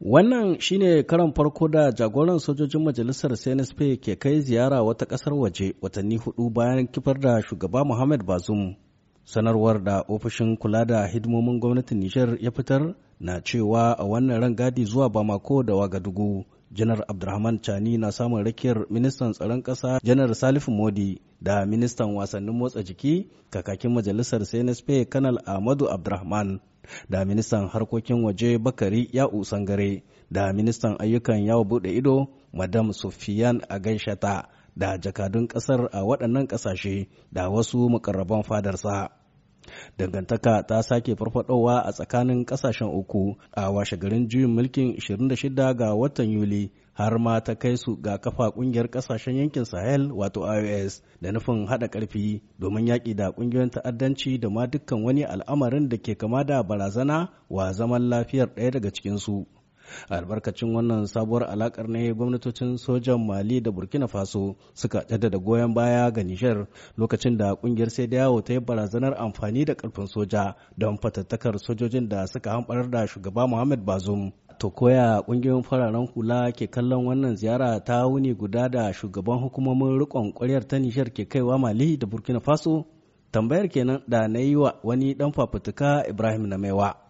Wannan shine karan farko da jagoran sojojin majalisar CNSP ke kai ziyara wata ƙasar waje watanni hudu bayan kifar da shugaba Muhammad Bazoum. Sanarwar da ofishin kula da hidimomin gwamnatin Nijar ya fitar na cewa a wannan rangadi zuwa Bamako da Wagadugu janar abdulrahman chani na samun rakiyar ministan tsaron Kasa janar salifu modi da ministan wasannin motsa jiki kakakin majalisar cnsp kanal ahmadu Abdurahman, da ministan harkokin waje bakari ya'u sangare da ministan ayyukan yawo bude ido madam sufiyan agaishata da jakadun kasar a waɗannan ƙasashe da wasu makarraban fadarsa Dangantaka ta sake farfadowa a tsakanin kasashen uku a washe garin juyin mulkin 26 ga watan Yuli har ma ta kai su ga kafa kungiyar kasashen yankin Sahel wato IOS da nufin hada karfi domin yaƙi da ƙungiyoyin ta'addanci da ma dukkan wani al'amarin da ke kama da barazana wa zaman lafiyar ɗaya daga cikinsu. albarkacin wannan sabuwar alakar ne gwamnatocin sojan mali da burkina faso suka jaddada goyon baya ga nijar lokacin da kungiyar sai yawo ta yi barazanar amfani da karfin soja don fatattakar sojojin da suka hamɓarar da shugaba muhammad bazum to koya kungiyoyin fararen hula ke kallon wannan ziyara ta wuni guda da shugaban hukumomin rikon kwaryar ta nijar ke kaiwa mali da burkina faso tambayar kenan da na yi wa wani dan fafutuka ibrahim na maiwa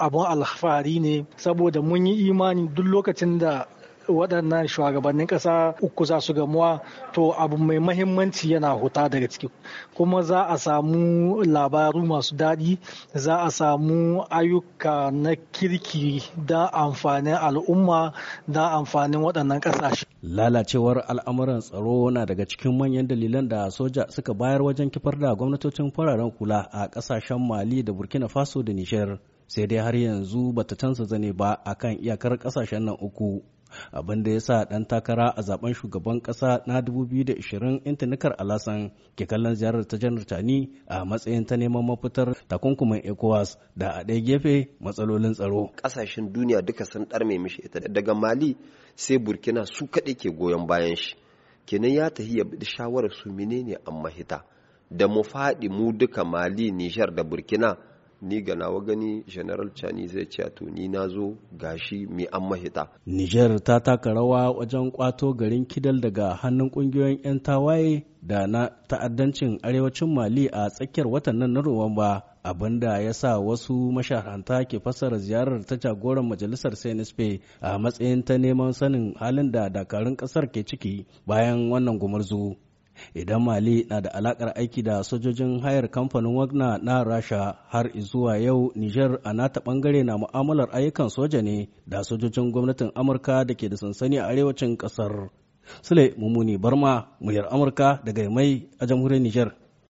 abun alfahari ne saboda mun yi imani duk lokacin da waɗannan shugabannin ƙasa uku za su gamuwa to abu mai mahimmanci yana huta daga ciki kuma za a samu labaru masu daɗi za a samu ayyuka na kirki da amfanin al'umma da amfanin waɗannan ƙasashe. lalacewar al'amuran tsaro na daga cikin manyan dalilan da soja suka bayar wajen kifar da gwamnatocin fararen kula a ƙasashen mali da burkina faso da nijar sai dai har yanzu bata canza zane ba a kan iyakar kasashen nan uku abinda ya sa ɗan takara a zaben shugaban ƙasa na 2020 intanikar alasan ke kallon ziyarar ta janar tani a matsayin ta neman mafitar takunkumin ecowas da a ɗaya gefe matsalolin tsaro ƙasashen duniya duka sun mai mishi ita daga mali sai burkina su kaɗai ke goyon bayan shi kenan ya tafi ya bi shawarar su menene an mahita da mu faɗi mu duka mali nijar da burkina ni ga nawa gani general chani zai ce to ni na zo gashi mai an mahita niger ta taka rawa wajen kwato garin kidal daga hannun kungiyoyin 'yan tawaye da na ta'addancin arewacin mali a tsakiyar watan nan na ruwanba abinda ya sa wasu mashahanta ke fassara ziyarar ta jagoran majalisar cnsp a matsayin ta neman sanin halin da dakarun kasar ke ciki bayan wannan gumurzu idan mali na da alakar aiki da sojojin hayar kamfanin wagna na rasha har zuwa yau niger a nata bangare na mu'amalar ayyukan soja ne da sojojin gwamnatin amurka da ke da sansani a arewacin kasar sule mummuni barma muryar amurka daga mai a jamhuriyar niger